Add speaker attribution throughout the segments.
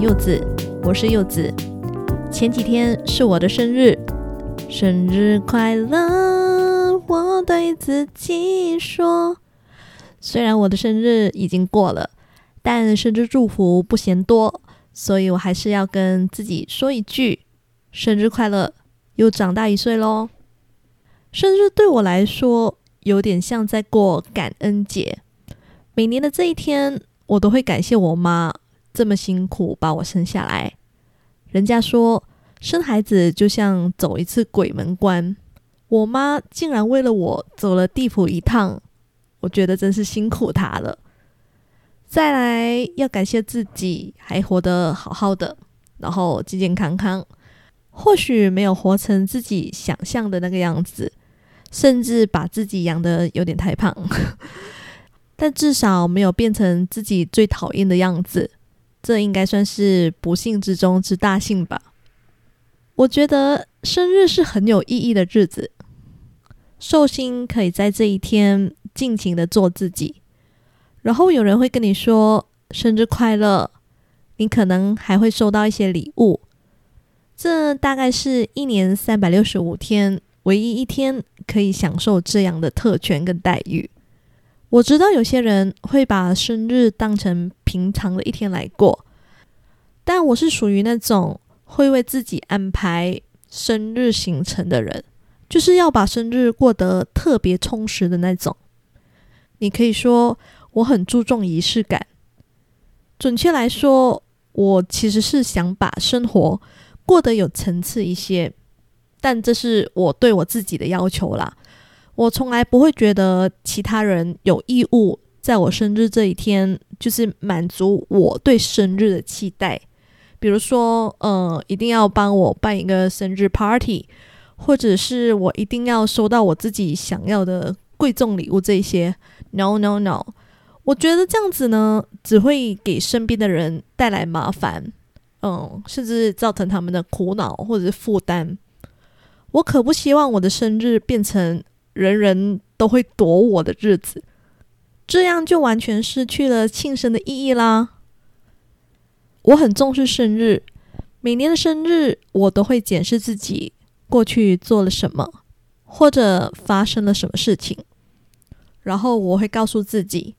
Speaker 1: 柚子，我是柚子。前幾天是我的生日，生日快樂！我對自己說，雖然我的生日已經過了，但生日祝福不嫌多，所以我還是要跟自己說一句生日快樂，又長大一歲嘍。生日對我來說有點像在過感恩節，每年的這一天，我都會感謝我媽。這麼辛苦把我生下來，人家說生孩子就像走一次鬼門關，我媽竟然為了我走了地府一趟，我覺得真是辛苦她了。再來要感謝自己還活得好好的，然後健健康康，或許沒有活成自己想象的那個樣子，甚至把自己養得有點太胖， 但至少沒有變成自己最討厭的樣子。這應該算是不幸之中之大幸吧。我覺得生日是很有意義的日子，壽星可以在這一天盡情地做自己。然後有人會跟你說“生日快樂”，你可能還會收到一些禮物。這大概是一年三百六十五天，唯一一天可以享受這樣的特權跟待遇。我知道有些人會把生日當成平常的一天來過，但我是屬於那種會為自己安排生日行程的人，就是要把生日過得特別充實的那種。你可以說我很注重儀式感，準確來說，我其實是想把生活過得有層次一些，但這是我對我自己的要求啦。我從來不會覺得其他人有義務在我生日這一天，就是滿足我對生日的期待，比如說，嗯，一定要幫我辦一個生日 party，或者是我一定要收到我自己想要的貴重禮物。這些 no no no。我覺得這樣子呢，只會給身邊的人帶來麻煩，嗯，甚至造成他們的苦惱或者是負擔。我可不希望我的生日變成。人人都會躲我的日子，這樣就完全失去了慶生的意義啦。我很重視生日，每年的生日我都會檢視自己過去做了什麼，或者發生了什麼事情，然後我會告訴自己，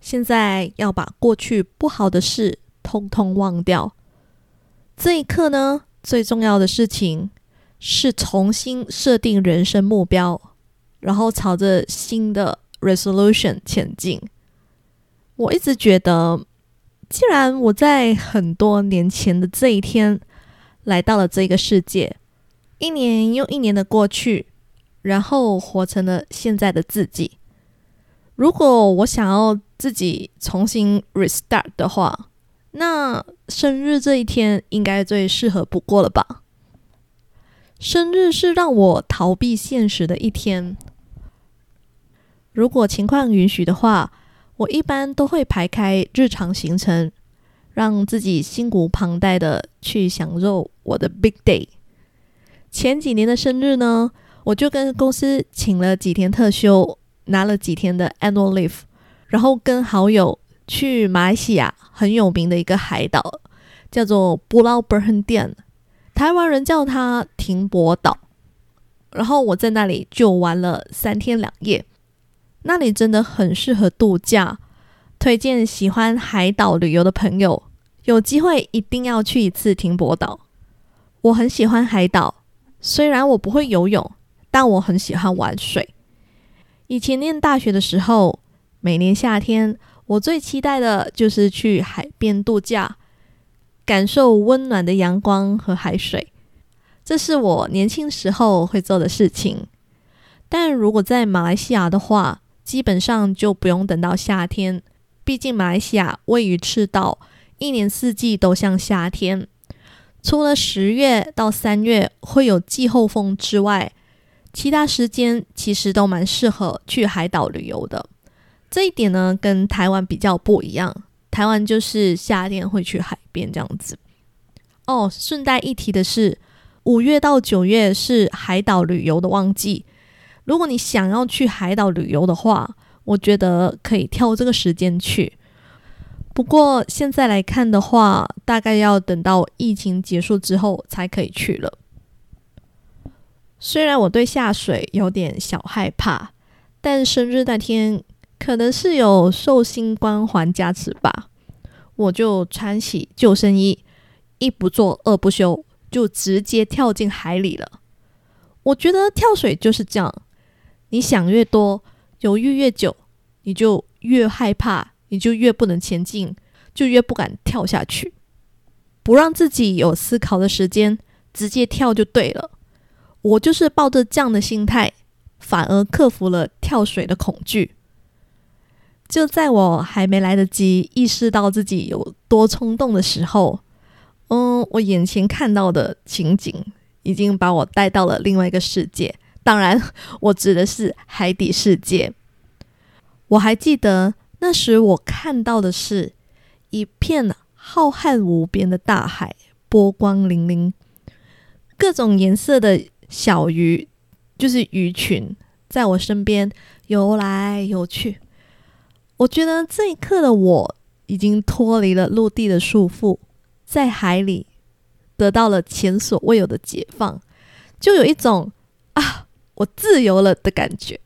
Speaker 1: 現在要把過去不好的事通通忘掉。這一刻呢，最重要的事情。是重新設定人生目標，然後朝着新的 resolution 前進。我一直覺得，既然我在很多年前的這一天來到了這個世界，一年又一年的過去，然後活成了現在的自己。如果我想要自己重新 restart 的話，那生日這一天應該最適合不過了吧。生日是讓我逃避現實的一天。如果情況允許的話，我一般都會排開日常行程，讓自己心無旁騖的去享受我的 big day。前幾年的生日呢，我就跟公司請了幾天特休，拿了幾天的 annual leave，然後跟好友去馬來西亞很有名的一個海島，叫做布勞伯恩島。台灣人叫它停泊島，然後我在那裡就玩了三天兩夜，那裡真的很適合度假，推薦喜歡海島旅遊的朋友，有機會一定要去一次停泊島。我很喜歡海島，雖然我不會游泳，但我很喜歡玩水。以前念大學的時候，每年夏天我最期待的就是去海邊度假。感受溫暖的陽光和海水，這是我年輕時候會做的事情。但如果在馬來西亞的話，基本上就不用等到夏天，畢竟馬來西亞位於赤道，一年四季都像夏天。除了十月到三月會有季候風之外，其他時間其實都蠻適合去海島旅遊的。這一點呢，跟台灣比較不一樣。台灣就是夏天會去海邊這樣子哦。順帶一提的是，五月到九月是海島旅遊的旺季。如果你想要去海島旅遊的話，我覺得可以挑這個時間去。不過現在來看的話，大概要等到疫情結束之後才可以去了。雖然我對下水有點小害怕，但生日那天。可能是有壽星光環加持吧，我就穿起救生衣，一不做二不休，就直接跳進海裡了。我覺得跳水就是這樣，你想越多，猶豫越久，你就越害怕，你就越不能前進，就越不敢跳下去。不讓自己有思考的時間，直接跳就對了。我就是抱着這樣的心態，反而克服了跳水的恐懼。就在我還沒來得及意識到自己有多衝動的時候，嗯，我眼前看到的情景已經把我帶到了另外一個世界。當然，我指的是海底世界。我還記得那時我看到的是一片浩瀚無邊的大海，波光粼粼，各種顏色的小魚，就是魚群，在我身邊游來游去。我覺得這一刻的我已經脫離了陸地的束縛，在海裡得到了前所未有的解放，就有一種啊，我自由了的感覺。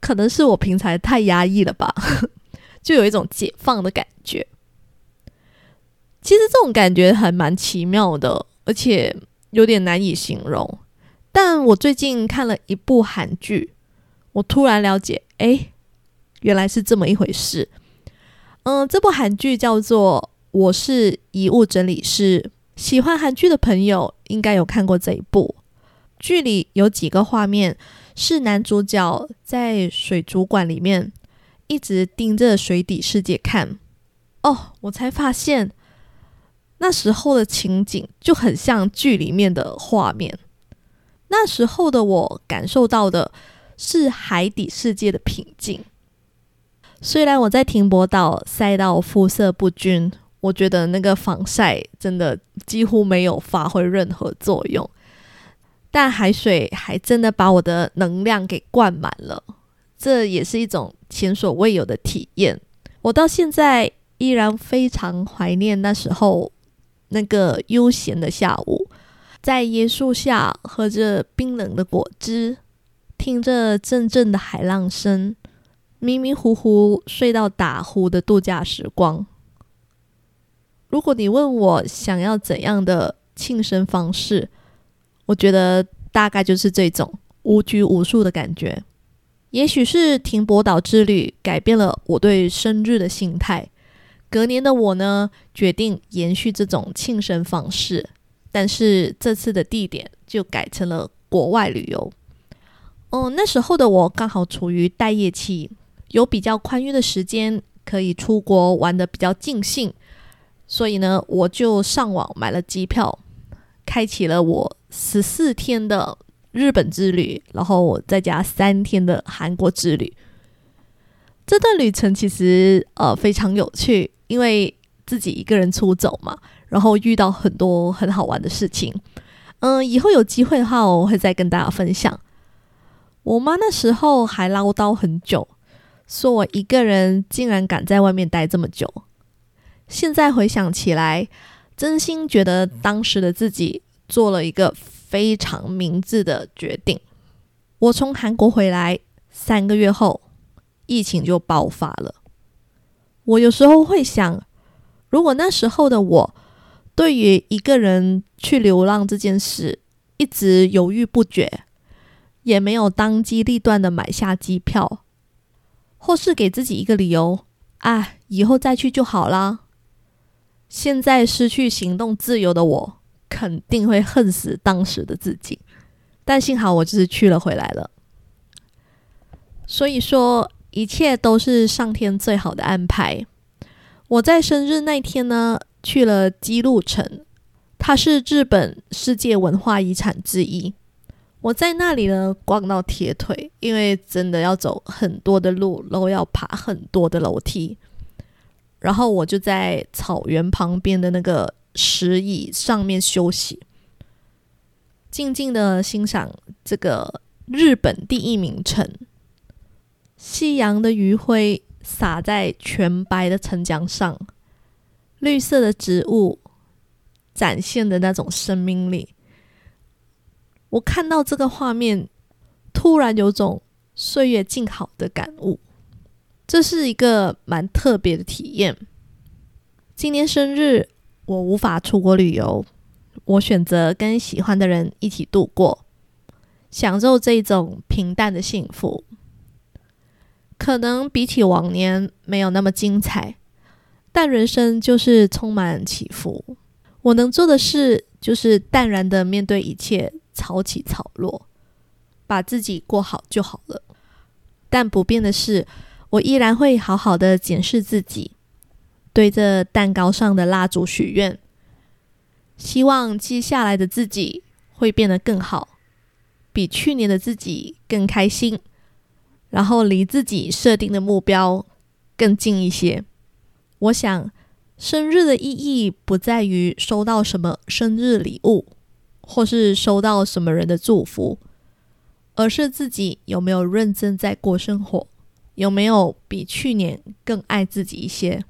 Speaker 1: 可能是我平常太壓抑了吧， 就有一種解放的感覺。其實這種感覺還蠻奇妙的，而且有點難以形容。但我最近看了一部韓劇，我突然了解，哎。原來是這麼一回事。嗯，這部韓劇叫做《我是遺物整理師》，喜歡韓劇的朋友應該有看過這一部。劇裡，有幾個畫面是男主角在水族館裡面一直盯着水底世界看。哦，我才發現那時候的情景就很像劇裡面的畫面。那時候的我感受到的是海底世界的平靜。雖然我在停泊島曬到膚色不均，我覺得那個防曬真的幾乎沒有發揮任何作用，但海水還真的把我的能量給灌滿了，這也是一種前所未有的體驗。我到現在依然非常懷念那時候那個悠閒的下午，在椰樹下喝着冰冷的果汁，聽着陣陣的海浪聲。迷迷糊糊睡到打呼的度假時光。如果你問我想要怎樣的慶生方式，我覺得大概就是這種無拘無束的感覺。也許是停泊島之旅改變了我對生日的心態，隔年的我呢，決定延續這種慶生方式，但是這次的地點就改成了國外旅遊。哦、嗯，那時候的我剛好處於待業期。有比較寬裕的時間，可以出國玩得比較盡興，所以呢，我就上網買了機票，開啟了我十四天的日本之旅，然後再加三天的韓國之旅。這段旅程其實呃非常有趣，因為自己一個人出走嘛，然後遇到很多很好玩的事情。嗯、呃，以後有機會的話，我會再跟大家分享。我媽那時候還嘮叨很久。說我一個人竟然敢在外面待這麼久，現在回想起來，真心覺得當時的自己做了一個非常明智的決定。我從韓國回來三個月後，疫情就爆發了。我有時候會想，如果那時候的我對於一個人去流浪這件事一直猶豫不決，也沒有當機立斷的買下機票。或是給自己一個理由，啊，以後再去就好啦。現在失去行動自由的我，肯定會恨死當時的自己。但幸好我就是去了，回來了。所以說，一切都是上天最好的安排。我在生日那天呢，去了姬路城，它是日本世界文化遺產之一。我在那裡呢，逛到鐵腿，因為真的要走很多的路，然後要爬很多的樓梯。然後我就在草原旁邊的那個石椅上面休息，靜靜的欣賞這個日本第一名城。夕陽的餘暉灑在全白的城牆上，綠色的植物展現的那種生命力。我看到這個畫面，突然有種歲月靜好的感悟。這是一個蠻特別的體驗。今年生日，我無法出國旅遊，我選擇跟喜歡的人一起度過，享受這種平淡的幸福。可能比起往年沒有那麼精彩，但人生就是充滿起伏。我能做的事就是淡然地面對一切。潮起潮落，把自己過好就好了。但不變的是，我依然會好好的檢視自己，對着蛋糕上的蠟燭許願，希望接下來的自己會變得更好，比去年的自己更開心，然後離自己設定的目標更近一些。我想，生日的意義不在於收到什麼生日禮物。或是收到什麼人的祝福，而是自己有沒有認真在過生活，有沒有比去年更愛自己一些。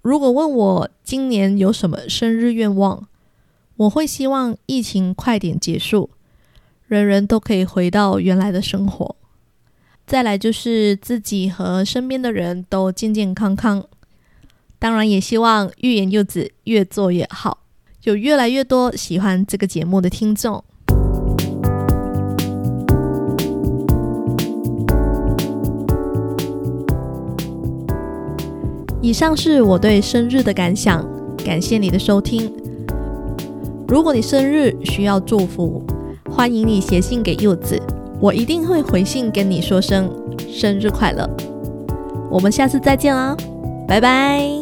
Speaker 1: 如果問我今年有什麼生日願望，我會希望疫情快點結束，人人都可以回到原來的生活。再來就是自己和身邊的人都健健康康，當然也希望欲言又止，越做越好。有越來越多喜歡這個節目的聽眾。以上是我對生日的感想，感謝你的收聽。如果你生日需要祝福，歡迎你寫信給柚子，我一定會回信跟你說聲生日快樂。我們下次再見啦，拜拜。